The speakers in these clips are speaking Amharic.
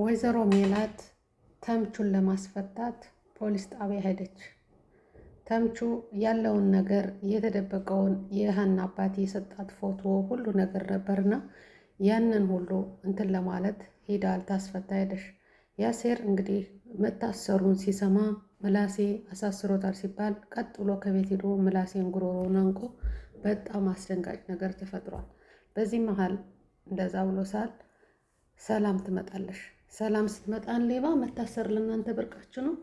ወይዘሮ ሜላት ተምቹን ለማስፈታት ፖሊስ ጣቢያ ሄደች። ተምቹ ያለውን ነገር የተደበቀውን የሀና አባት የሰጣት ፎቶ ሁሉ ነገር ነበርና ያንን ሁሉ እንትን ለማለት ሄዳል። ታስፈታ ሄደሽ ያሴር እንግዲህ መታሰሩን ሲሰማ ምላሴ አሳስሮታል ሲባል ቀጥ ብሎ ከቤት ሄዶ ምላሴን ጉሮሮን አንቆ በጣም አስደንጋጭ ነገር ተፈጥሯል። በዚህ መሀል እንደዛ ብሎ ሳል ሰላም ትመጣለች። ሰላም ስትመጣን ሌባ መታሰር ለእናንተ ብርቃችሁ ነው።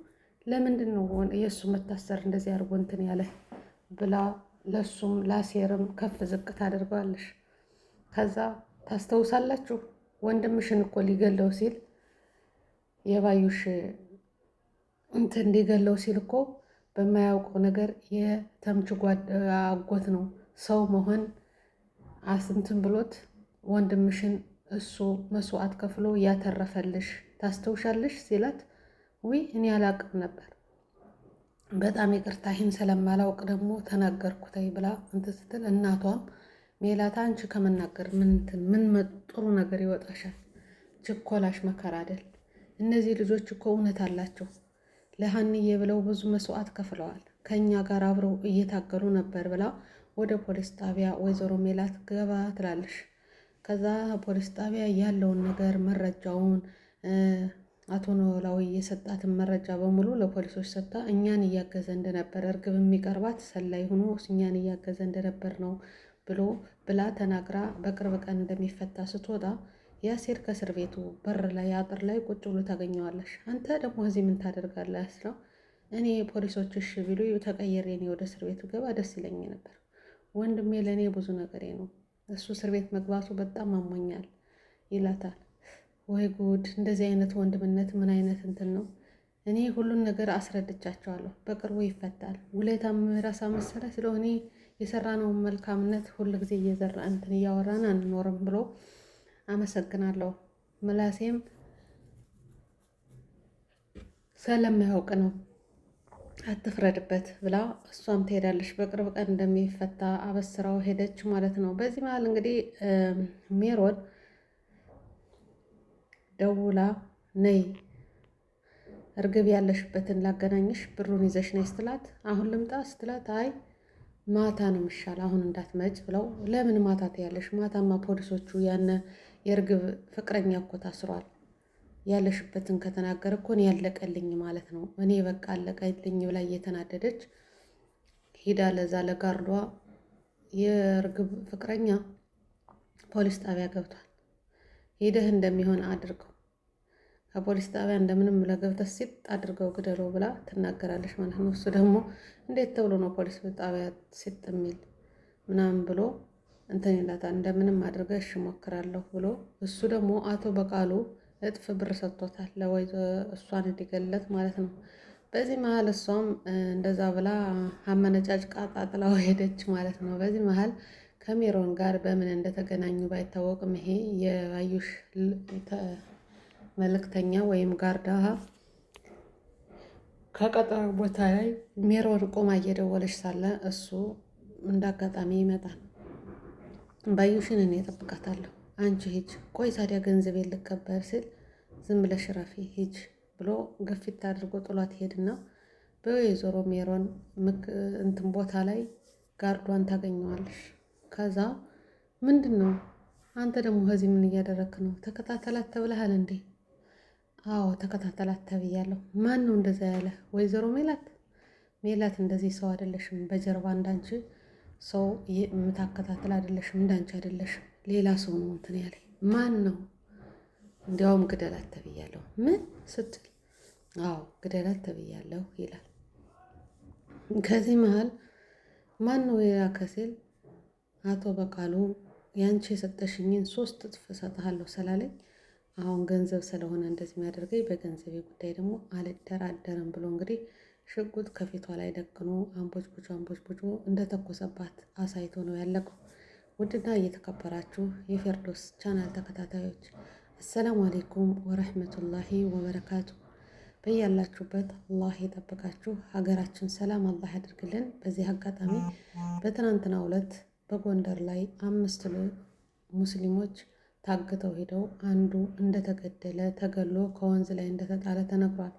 ለምንድን ነው የእሱ መታሰር እንደዚህ አድርጎ እንትን ያለ ብላ ለእሱም ላሴርም ከፍ ዝቅ ታደርገዋለሽ። ከዛ ታስታውሳላችሁ ወንድምሽን እኮ ሊገለው ሲል የባዩሽ እንትን ሊገለው ሲል እኮ በማያውቀው ነገር የተምች አጎት ነው ሰው መሆን አስንትን ብሎት ወንድምሽን እሱ መስዋዕት ከፍሎ ያተረፈልሽ ታስተውሻለሽ ሲላት ውይ እኔ አላቅም ነበር በጣም ይቅርታ ይህን ስለማላውቅ ደግሞ ተናገርኩታይ ብላ እንትን ስትል እናቷም ሜላት አንቺ ከመናገር ምን ጥሩ ነገር ይወጣሻል? ችኮላሽ መከራ አይደል? እነዚህ ልጆች እኮ እውነት አላቸው። ለሀንዬ ብለው ብዙ መስዋዕት ከፍለዋል። ከእኛ ጋር አብረው እየታገሉ ነበር ብላ ወደ ፖሊስ ጣቢያ ወይዘሮ ሜላት ገባ ትላለሽ። ከዛ ፖሊስ ጣቢያ ያለውን ነገር መረጃውን አቶ ኖላዊ የሰጣትን መረጃ በሙሉ ለፖሊሶች ሰጥታ እኛን እያገዘ እንደነበር እርግብ የሚቀርባት ሰላይ ሆኖ እኛን እያገዘ እንደነበር ነው ብሎ ብላ ተናግራ በቅርብ ቀን እንደሚፈታ ስትወጣ ያሴር ከእስር ቤቱ በር ላይ አጥር ላይ ቁጭ ብሎ ታገኘዋለሽ። አንተ ደግሞ እዚህ ምን ታደርጋለህ ስለው እኔ ፖሊሶች እሺ ቢሉ ተቀየሬ እኔ ወደ እስር ቤቱ ገባ ደስ ይለኝ ነበር። ወንድሜ ለእኔ ብዙ ነገሬ ነው እሱ እስር ቤት መግባቱ በጣም አሞኛል ይላታል። ወይ ጉድ! እንደዚህ አይነት ወንድምነት ምን አይነት እንትን ነው? እኔ ሁሉን ነገር አስረድቻቸዋለሁ። በቅርቡ ይፈታል። ውለታ ምራሳ መሰለ ስለሆነ የሰራነውን መልካምነት ሁል ጊዜ እየዘራ እንትን እያወራን አንኖርም ብሎ አመሰግናለሁ። ምላሴም ስለማያውቅ ነው አትፍረድበት ብላ እሷም ትሄዳለች። በቅርብ ቀን እንደሚፈታ አበስራው ሄደች ማለት ነው። በዚህ መሀል እንግዲህ ሜሮን ደውላ ነይ እርግብ ያለሽበትን ላገናኝሽ ብሩን ይዘሽ ነይ ስትላት አሁን ልምጣ ስትላት አይ ማታ ነው የሚሻል አሁን እንዳትመጭ ብለው ለምን ማታ ትያለሽ? ማታማ ፖሊሶቹ ያነ የእርግብ ፍቅረኛ እኮ ታስሯል ያለሽበትን ከተናገረ እኮ እኔ ያለቀልኝ ማለት ነው። እኔ በቃ አለቀልኝ ብላ እየተናደደች ሄዳ ለዛ ለጋርዷ የእርግብ ፍቅረኛ ፖሊስ ጣቢያ ገብቷል፣ ሂደህ እንደሚሆን አድርገው ከፖሊስ ጣቢያ እንደምንም ለገብተህ ሲጥ አድርገው ግደለው ብላ ትናገራለች ማለት ነው። እሱ ደግሞ እንዴት ተብሎ ነው ፖሊስ ጣቢያ ሲጥ የሚል ምናምን ብሎ እንትን ይላታል። እንደምንም አድርገህ እሺ እሞክራለሁ ብሎ እሱ ደግሞ አቶ በቃሉ እጥፍ ብር ሰጥቶታል ለወይዘ እሷን እንዲገለት ማለት ነው። በዚህ መሀል እሷም እንደዛ ብላ አመነጫጭ ጣጥላው ሄደች ማለት ነው። በዚህ መሀል ከሜሮን ጋር በምን እንደተገናኙ ባይታወቅም ይሄ የአዩሽ መልእክተኛ ወይም ጋርዳ ከቀጠሮ ቦታ ላይ ሜሮን ቆማ እየደወለች ሳለ እሱ እንዳጋጣሚ ይመጣል። ባዩሽን እኔ እጠብቃታለሁ አንቺ ሂጅ፣ ቆይ ታዲያ ገንዘብ የልቀበል ስል ዝም ብለሽ ረፊ ሂጅ ብሎ ግፊት አድርጎ ጥሏት ሄድና በወይዘሮ ሜሮን እንትን ቦታ ላይ ጋርዷን ታገኘዋለሽ። ከዛ ምንድን ነው አንተ ደግሞ ከዚህ ምን እያደረክ ነው? ተከታተላት ተብለሃል እንዴ? አዎ ተከታተላት ተብያለሁ። ማን ነው እንደዛ ያለ? ወይዘሮ ሜላት ሜላት እንደዚህ ሰው አይደለሽም። በጀርባ እንዳንቺ ሰው የምታከታተል አይደለሽም። እንዳንቺ አይደለሽም። ሌላ ሰው ነው እንትን ያለኝ ማን ነው? እንዲያውም ግደላት ተብያለሁ። ምን ስትል አዎ ግደላት ተብያለሁ ይላል። ከዚህ መሀል ማን ነው ሌላ ከሲል አቶ በቃሉ ያንቺ የሰጠሽኝን ሶስት እጥፍ እሰጥሃለሁ ስላለኝ አሁን ገንዘብ ስለሆነ እንደዚህ የሚያደርገኝ በገንዘቤ ጉዳይ ደግሞ አልደራደርም ብሎ እንግዲህ ሽጉጥ ከፊቷ ላይ ደቅኖ አንቦጭ ቦጭ አንቦጭ ቦጭ እንደተኮሰባት አሳይቶ ነው ያለቀው። ውድና እየተከበራችሁ የፌርዶስ ቻናል ተከታታዮች አሰላሙ አሌይኩም ወረህመቱላሂ ወበረካቱ። በያላችሁበት አላህ የጠበቃችሁ ሀገራችን ሰላም አላህ ያድርግልን። በዚህ አጋጣሚ በትናንትና ዕለት በጎንደር ላይ አምስት ሙስሊሞች ታግተው ሄደው አንዱ እንደተገደለ ተገሎ ከወንዝ ላይ እንደተጣለ ተነግሯል።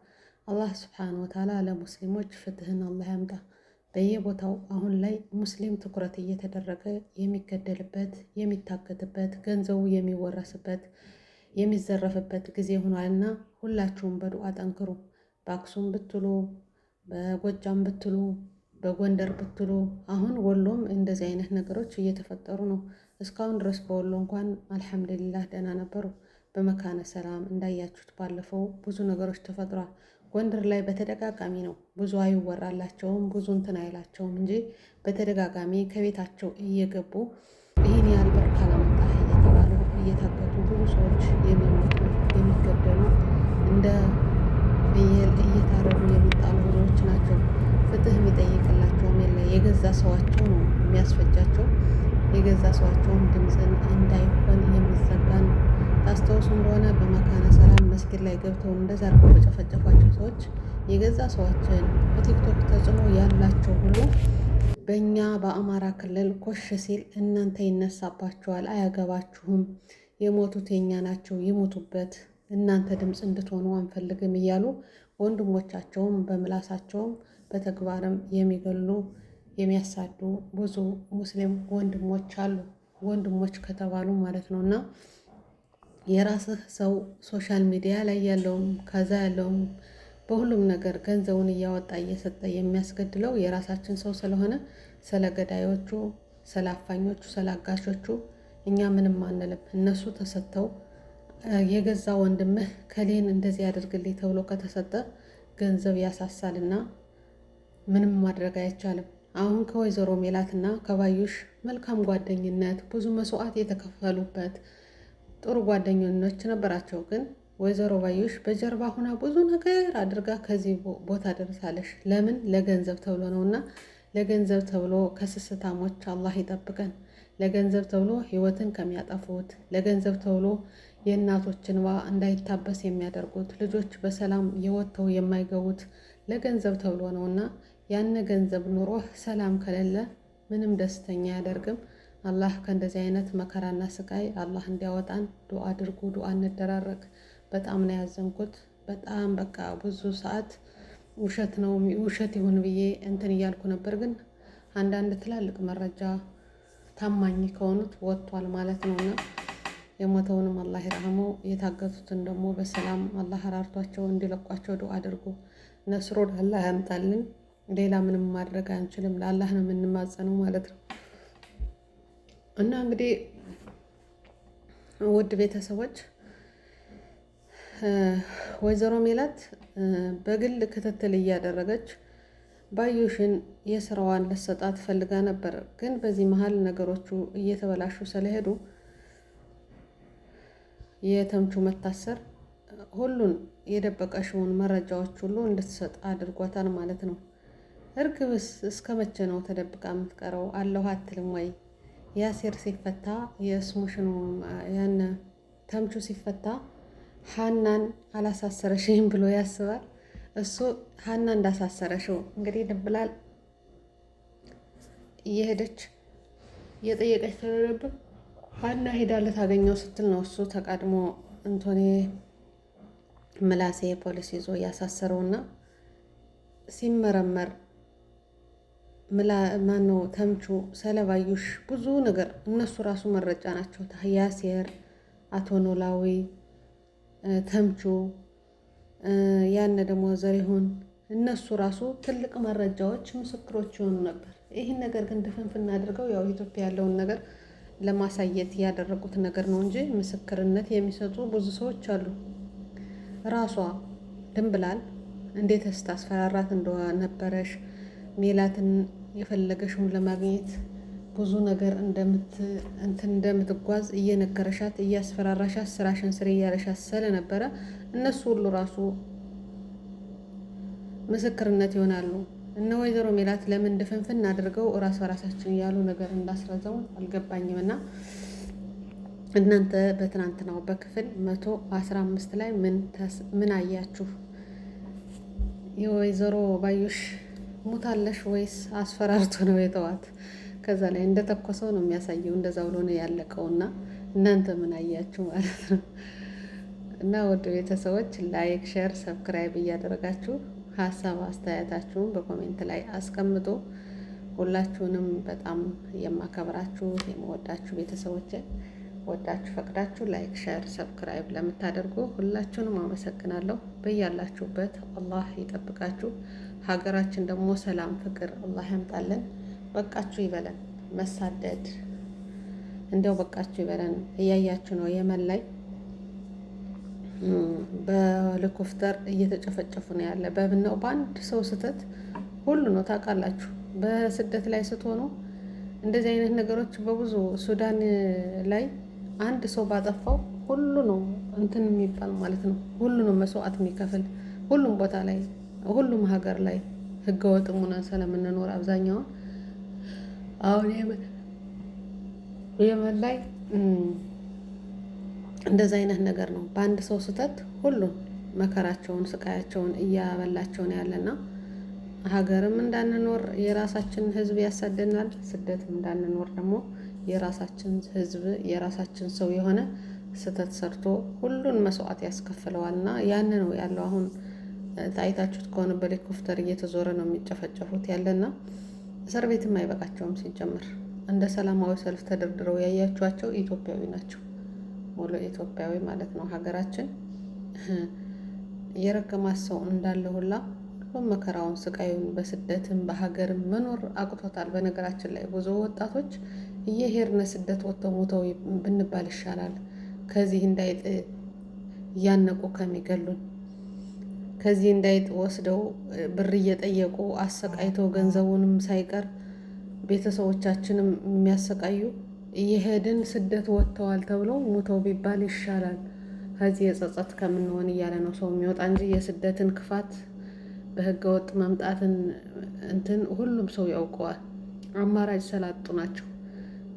አላህ ስብሓን ወተዓላ ለሙስሊሞች ፍትህን አላህ ያምጣ። በየቦታው አሁን ላይ ሙስሊም ትኩረት እየተደረገ የሚገደልበት የሚታገትበት ገንዘቡ የሚወረስበት የሚዘረፍበት ጊዜ ሆኗል እና ሁላችሁም በዱዓ ጠንክሩ። በአክሱም ብትሉ፣ በጎጃም ብትሉ፣ በጎንደር ብትሉ አሁን ወሎም እንደዚህ አይነት ነገሮች እየተፈጠሩ ነው። እስካሁን ድረስ በወሎ እንኳን አልሐምዱሊላህ ደህና ነበሩ። በመካነ ሰላም እንዳያችሁት ባለፈው ብዙ ነገሮች ተፈጥሯል። ጎንደር ላይ በተደጋጋሚ ነው። ብዙ አይወራላቸውም፣ ብዙ እንትን አይላቸውም እንጂ በተደጋጋሚ ከቤታቸው እየገቡ ይህን ያህል ብር ካላመጣ እየተባሉ እየታገቱ ብዙ ሰዎች የሚሞቱ የሚገደሉ እንደ እየታረዱ የሚጣሉ ብዙዎች ናቸው። ፍትህ የሚጠይቅላቸውም የለ። የገዛ ሰዋቸው ነው የሚያስፈጃቸው። የገዛ ሰዋቸውም ድምፅን እንዳይሆን የሚዘጋ ነው። ታስታውሱ እንደሆነ በመካነ መስጊድ ላይ ገብተው እንደዛ አድርገው በጨፈጨፏቸው ሰዎች የገዛ ሰዎችን በቲክቶክ ተጽዕኖ ያላቸው ሁሉ በእኛ በአማራ ክልል ኮሽ ሲል እናንተ ይነሳባችኋል፣ አያገባችሁም፣ የሞቱት የኛ ናቸው፣ ይሞቱበት፣ እናንተ ድምፅ እንድትሆኑ አንፈልግም እያሉ ወንድሞቻቸውም በምላሳቸውም በተግባርም የሚገሉ የሚያሳዱ ብዙ ሙስሊም ወንድሞች አሉ። ወንድሞች ከተባሉ ማለት ነው እና የራስህ ሰው ሶሻል ሚዲያ ላይ ያለውም ከዛ ያለውም በሁሉም ነገር ገንዘቡን እያወጣ እየሰጠ የሚያስገድለው የራሳችን ሰው ስለሆነ ስለ ገዳዮቹ፣ ስለ አፋኞቹ፣ ስለ አጋሾቹ እኛ ምንም አንልም። እነሱ ተሰጥተው የገዛ ወንድምህ ከሌን እንደዚህ ያደርግልኝ ተብሎ ከተሰጠ ገንዘብ ያሳሳልና ምንም ማድረግ አይቻልም። አሁን ከወይዘሮ ሜላትና ከባዩሽ መልካም ጓደኝነት ብዙ መስዋዕት የተከፈሉበት ጥሩ ጓደኞች ነበራቸው። ግን ወይዘሮ ባዩሽ በጀርባ ሁና ብዙ ነገር አድርጋ ከዚህ ቦታ ደርሳለሽ። ለምን ለገንዘብ ተብሎ ነውና፣ ለገንዘብ ተብሎ ከስስታሞች አላህ ይጠብቀን። ለገንዘብ ተብሎ ህይወትን ከሚያጠፉት፣ ለገንዘብ ተብሎ የእናቶችን ዋ እንዳይታበስ የሚያደርጉት፣ ልጆች በሰላም የወጥተው የማይገቡት ለገንዘብ ተብሎ እና ያነ ገንዘብ ኑሮህ ሰላም ከሌለ ምንም ደስተኛ አያደርግም። አላህ ከእንደዚህ አይነት መከራና ስቃይ አላህ እንዲያወጣን ዱ አድርጉ፣ ዱ እንደራረግ። በጣም ነው ያዘንኩት። በጣም በቃ ብዙ ሰዓት ውሸት ነው ውሸት ይሁን ብዬ እንትን እያልኩ ነበር፣ ግን አንዳንድ ትላልቅ መረጃ ታማኝ ከሆኑት ወጥቷል ማለት ነው እና የሞተውንም አላህ ይርሐመው፣ የታገቱትን ደግሞ በሰላም አላህ አራርቷቸው እንዲለቋቸው ዱ አድርጉ። ነስሮ አላህ ያምጣልን። ሌላ ምንም ማድረግ አንችልም። ለአላህ ነው የምንማጸነው ማለት ነው። እና እንግዲህ ውድ ቤተሰቦች ወይዘሮ ሜላት በግል ክትትል እያደረገች ባዩሽን የስራዋን ልሰጣ ፈልጋ ነበር። ግን በዚህ መሀል ነገሮቹ እየተበላሹ ስለሄዱ የተምቹ መታሰር ሁሉን የደበቀሽውን መረጃዎች ሁሉ እንድትሰጥ አድርጓታል ማለት ነው። እርግብስ እስከ መቼ ነው ተደብቃ የምትቀረው? አለሁ አትልም ወይ? ያሴር ሲፈታ የስሙሽኑ ያን ተምቹ ሲፈታ ሀናን አላሳሰረሽም ብሎ ያስባል። እሱ ሀና እንዳሳሰረሽው እንግዲህ ድብላል እየሄደች እየጠየቀች ስለነበር ሀና ሄዳ ልታገኘው ስትል ነው እሱ ተቃድሞ እንቶኔ ምላሴ ፖሊስ ይዞ እያሳሰረውና ሲመረመር ማነው ተምቹ ሰለባዩሽ ብዙ ነገር እነሱ ራሱ መረጃ ናቸው። ያሴር አቶ ኖላዊ ተምቹ ያነ ደግሞ ዘሪሁን እነሱ ራሱ ትልቅ መረጃዎች ምስክሮች ይሆኑ ነበር። ይህን ነገር ግን ድፍንፍና አድርገው ያው ኢትዮጵያ ያለውን ነገር ለማሳየት ያደረጉት ነገር ነው እንጂ ምስክርነት የሚሰጡ ብዙ ሰዎች አሉ። ራሷ ድንብላል እንዴት ስታስፈራራት እንደነበረሽ ሜላትን የፈለገሽውን ለማግኘት ብዙ ነገር እንትን እንደምትጓዝ እየነገረሻት እያስፈራራሻት ስራሽን ስሪ እያለሻት ስለነበረ እነሱ ሁሉ ራሱ ምስክርነት ይሆናሉ። እነ ወይዘሮ ሜላት ለምን ድፍንፍን አድርገው እራስ በራሳችን ያሉ ነገር እንዳስረዘው አልገባኝም። እና እናንተ በትናንትናው በክፍል መቶ አስራ አምስት ላይ ምን አያችሁ? የወይዘሮ ባዩሽ ሙታለሽ ወይስ አስፈራርቶ ነው የተዋት? ከዛ ላይ እንደተኮሰው ነው የሚያሳየው። እንደዛ ብሎ ነው ያለቀው እና እናንተ ምን አያችሁ ማለት ነው። እና ወደ ቤተሰቦች ላይክ፣ ሸር፣ ሰብስክራይብ እያደረጋችሁ ሀሳብ አስተያየታችሁን በኮሜንት ላይ አስቀምጡ። ሁላችሁንም በጣም የማከብራችሁ የመወዳችሁ ቤተሰቦች ወዳችሁ ፈቅዳችሁ ላይክ ሸር ሰብስክራይብ ለምታደርጉ ሁላችሁንም አመሰግናለሁ። በያላችሁበት አላህ ይጠብቃችሁ። ሀገራችን ደግሞ ሰላም፣ ፍቅር አላህ ያምጣልን። በቃችሁ ይበለን መሳደድ፣ እንደው በቃችሁ ይበለን። እያያችሁ ነው የመን ላይ በሊኮፍተር እየተጨፈጨፉ ነው ያለ በብነው በአንድ ሰው ስህተት ሁሉ ነው ታውቃላችሁ። በስደት ላይ ስትሆኑ እንደዚህ አይነት ነገሮች በብዙ ሱዳን ላይ አንድ ሰው ባጠፋው ሁሉ ነው እንትን የሚባል ማለት ነው። ነው መስዋዕት የሚከፍል ሁሉም ቦታ ላይ ሁሉም ሀገር ላይ ህገወጥ ሆነን ስለምንኖር አብዛኛውን አሁን የመን ላይ እንደዚ አይነት ነገር ነው። በአንድ ሰው ስህተት ሁሉም መከራቸውን ስቃያቸውን እያበላቸውን ያለና ሀገርም እንዳንኖር የራሳችን ህዝብ ያሳደናል። ስደትም እንዳንኖር ደግሞ የራሳችን ህዝብ የራሳችን ሰው የሆነ ስህተት ሰርቶ ሁሉን መስዋዕት ያስከፍለዋል እና ያን ነው ያለው አሁን ታይታችሁት ከሆነ በሄሊኮፍተር እየተዞረ ነው የሚጨፈጨፉት ያለና እስር ቤትም አይበቃቸውም። ሲጀምር እንደ ሰላማዊ ሰልፍ ተደርድረው ያያችኋቸው ኢትዮጵያዊ ናቸው። ሙሉ ኢትዮጵያዊ ማለት ነው። ሀገራችን የረገማት ሰው እንዳለ ሁላ ሁሉም መከራውን ስቃዩን በስደትም በሀገርም መኖር አቅቶታል። በነገራችን ላይ ብዙ ወጣቶች እየሄድን ስደት ወጥተው ሞተው ብንባል ይሻላል ከዚህ እንዳይጥ እያነቁ ከሚገሉን ከዚህ እንዳይጥ ወስደው ብር እየጠየቁ አሰቃይተው ገንዘቡንም ሳይቀር ቤተሰቦቻችንም የሚያሰቃዩ እየሄድን ስደት ወጥተዋል ተብሎ ሙተው ቢባል ይሻላል ከዚህ የጸጸት ከምንሆን እያለ ነው ሰው የሚወጣ እንጂ የስደትን ክፋት በህገወጥ መምጣትን እንትን ሁሉም ሰው ያውቀዋል። አማራጭ ሰላጡ ናቸው።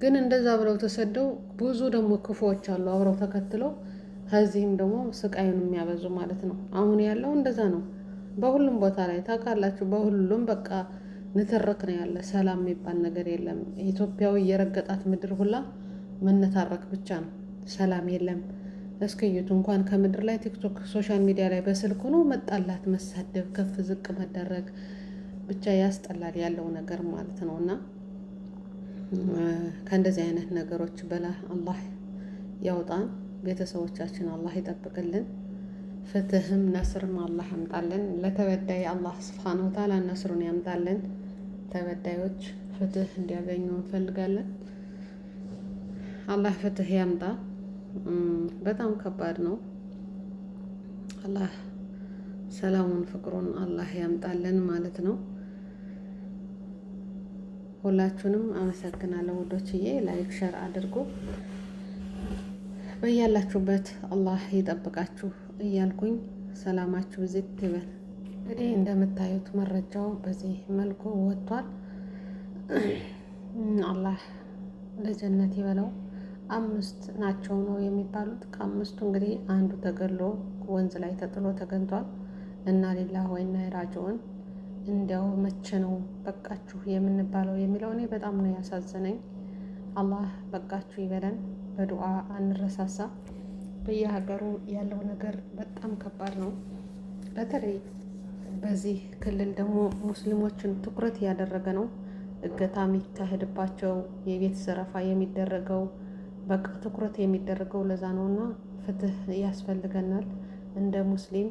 ግን እንደዛ ብለው ተሰደው ብዙ ደግሞ ክፉዎች አሉ አብረው ተከትለው ከዚህም ደግሞ ስቃዩን የሚያበዙ ማለት ነው። አሁን ያለው እንደዛ ነው። በሁሉም ቦታ ላይ ታውቃላችሁ፣ በሁሉም በቃ ንትርክ ነው ያለ። ሰላም የሚባል ነገር የለም። ኢትዮጵያዊ የረገጣት ምድር ሁላ መነታረክ ብቻ ነው። ሰላም የለም። እስክዩት እንኳን ከምድር ላይ ቲክቶክ፣ ሶሻል ሚዲያ ላይ በስልክ ሆኖ መጣላት፣ መሳደብ፣ ከፍ ዝቅ መደረግ ብቻ ያስጠላል ያለው ነገር ማለት ነው። እና ከእንደዚህ አይነት ነገሮች በላ አላህ ያውጣን። ቤተሰቦቻችን አላህ ይጠብቅልን። ፍትህም ነስርም አላህ ያምጣልን። ለተበዳይ አላህ ስብሓን ወታላ ነስሩን ያምጣልን። ተበዳዮች ፍትህ እንዲያገኙ እንፈልጋለን። አላህ ፍትህ ያምጣ። በጣም ከባድ ነው። አላህ ሰላሙን ፍቅሩን አላህ ያምጣልን ማለት ነው። ሁላችሁንም አመሰግናለሁ ውዶችዬ። ላይክ ሸር አድርጉ። በያላችሁበት አላህ ይጠብቃችሁ እያልኩኝ ሰላማችሁ ብዝት ይበል። እንግዲህ እንደምታዩት መረጃው በዚህ መልኩ ወጥቷል። አላህ ለጀነት ይበለው። አምስት ናቸው ነው የሚባሉት። ከአምስቱ እንግዲህ አንዱ ተገሎ ወንዝ ላይ ተጥሎ ተገንቷል። እና ሌላ ወይና የራጅውን እንዲያው መቼ ነው በቃችሁ የምንባለው የሚለው እኔ በጣም ነው ያሳዘነኝ። አላህ በቃችሁ ይበለን። በዱዓ አንረሳሳ። በየሀገሩ ያለው ነገር በጣም ከባድ ነው። በተለይ በዚህ ክልል ደግሞ ሙስሊሞችን ትኩረት ያደረገ ነው። እገታ የሚካሄድባቸው የቤት ዘረፋ የሚደረገው በቃ ትኩረት የሚደረገው ለዛ ነው እና ፍትህ ያስፈልገናል። እንደ ሙስሊም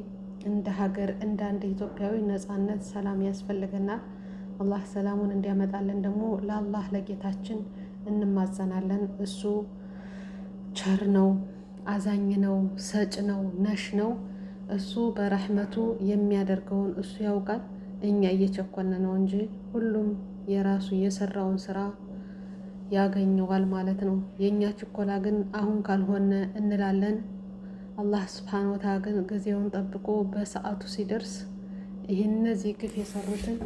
እንደ ሀገር እንደ አንድ ኢትዮጵያዊ ነጻነት፣ ሰላም ያስፈልገናል። አላህ ሰላሙን እንዲያመጣልን ደግሞ ለአላህ ለጌታችን እንማዘናለን እሱ ቸር ነው፣ አዛኝ ነው፣ ሰጭ ነው፣ ነሽ ነው። እሱ በረህመቱ የሚያደርገውን እሱ ያውቃል። እኛ እየቸኮነ ነው እንጂ ሁሉም የራሱ የሰራውን ስራ ያገኘዋል ማለት ነው። የእኛ ችኮላ ግን አሁን ካልሆነ እንላለን። አላህ ስብሓን ወታ ግን ጊዜውን ጠብቆ በሰዓቱ ሲደርስ ይህን እነዚህ ግፍ የሰሩትን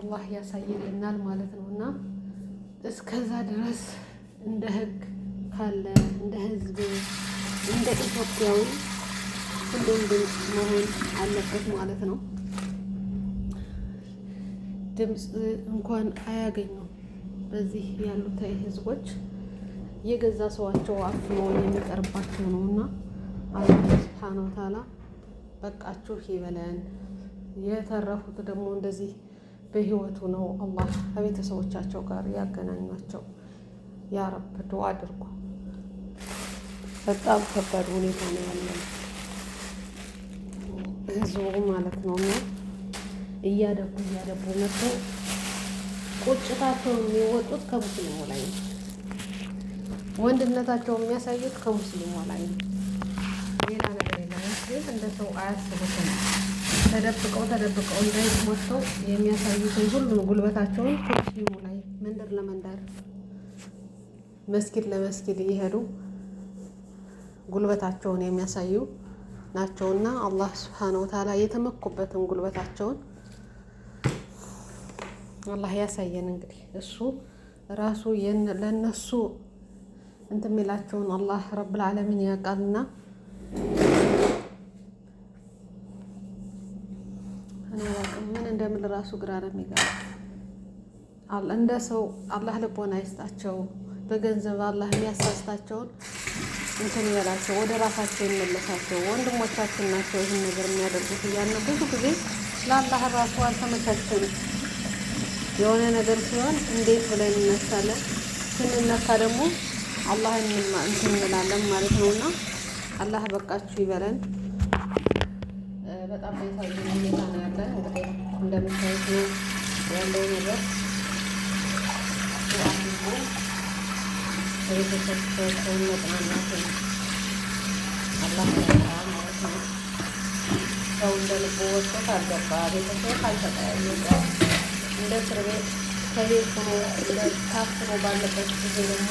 አላህ ያሳይልናል ማለት ነው እና እስከዛ ድረስ እንደ ህግ ካለ እንደ ህዝብ እንደ ኢትዮጵያዊ ሁሉም ድምፅ መሆን አለበት ማለት ነው። ድምፅ እንኳን አያገኙም። በዚህ ያሉት ህዝቦች የገዛ ሰዋቸው አፍኖ የሚቀርባቸው ነው እና አላህ ስብሓነ ወተዓላ በቃችሁ ይበለን። የተረፉት ደግሞ እንደዚህ በህይወቱ ነው አላህ ከቤተሰቦቻቸው ጋር ያገናኟቸው። ያረብ ዱዓ አድርጉ። በጣም ከባድ ሁኔታ ነው ያለው ህዝቡ ማለት ነው። እና እያደጉ እያደቡ መጥተው ቁጭታቸው የሚወጡት ከሙስሊሙ ላይ ነው። ወንድነታቸውን የሚያሳዩት ከሙስሊሙ ላይ ነው። ሌላ ነገር የለም። ሙስሊም እንደ ሰው አያስቡትም። ተደብቀው ተደብቀው እንዳይወጥተው የሚያሳዩትን ሁሉም ጉልበታቸውን ከሙስሊሙ ላይ መንደር ለመንደር መስጊድ ለመስጊድ እየሄዱ ጉልበታቸውን የሚያሳዩ ናቸውና አላህ ስብሓነ ወተዓላ የተመኩበትን ጉልበታቸውን አላህ ያሳየን። እንግዲህ እሱ ራሱ ለእነሱ እንትን የሚላቸውን አላህ ረብል ዓለሚን ያውቃልና ምን እንደምል ራሱ ግራ ነው የሚገባ። እንደ ሰው አላህ ልቦና አይስጣቸው። በገንዘብ አላህ የሚያሳስታቸውን እንትን ይበላቸው፣ ወደ ራሳቸው ይመለሳቸው። ወንድሞቻችን ናቸው ይህን ነገር የሚያደርጉት እያልን ብዙ ጊዜ ለአላህ ራሱ አልተመቻቸን የሆነ ነገር ሲሆን እንዴት ብለን እንነሳለን። ስንነሳ ደግሞ አላህ እንትን እንላለን ማለት ነው። እና አላህ በቃችሁ ይበለን። በጣም ቤታዊ ሁኔታ ነው ያለን። እንግዲህ እንደምታዩት ነው ያለው ነገር ቤተሰብ ሰውን መጽናናት አላህ ያላ ማለት ነው። ሰው እንደ ልቡ ወጥቶ ካልገባ ቤተሰብ ካልተጠያየቀ እንደ እስር ቤት ከቤት ሆኖ እንደ ታፍኖ ባለበት ጊዜ ደግሞ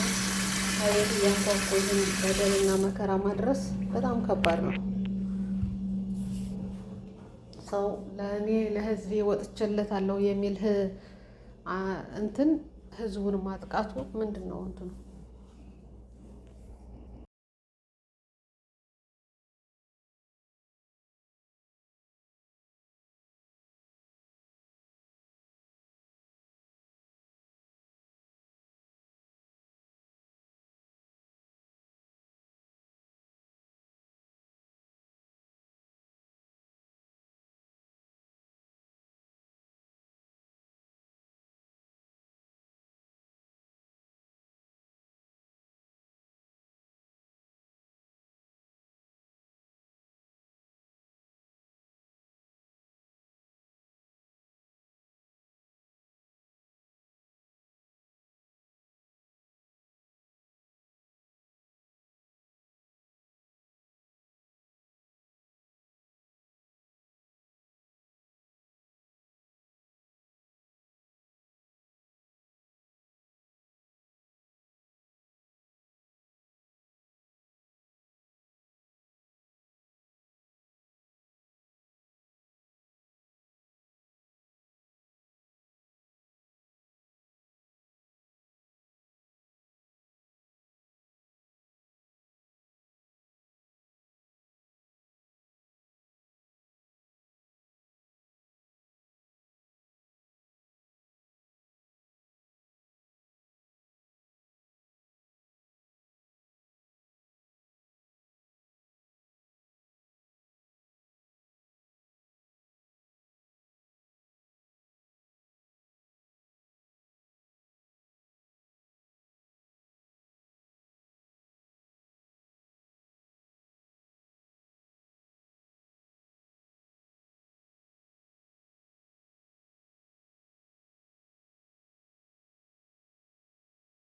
ከቤት እያንኳኮዝን በደልና መከራ ማድረስ በጣም ከባድ ነው። ሰው ለእኔ ለህዝቤ ወጥቼለታለሁ የሚል እንትን ህዝቡን ማጥቃቱ ምንድን ነው እንትኑ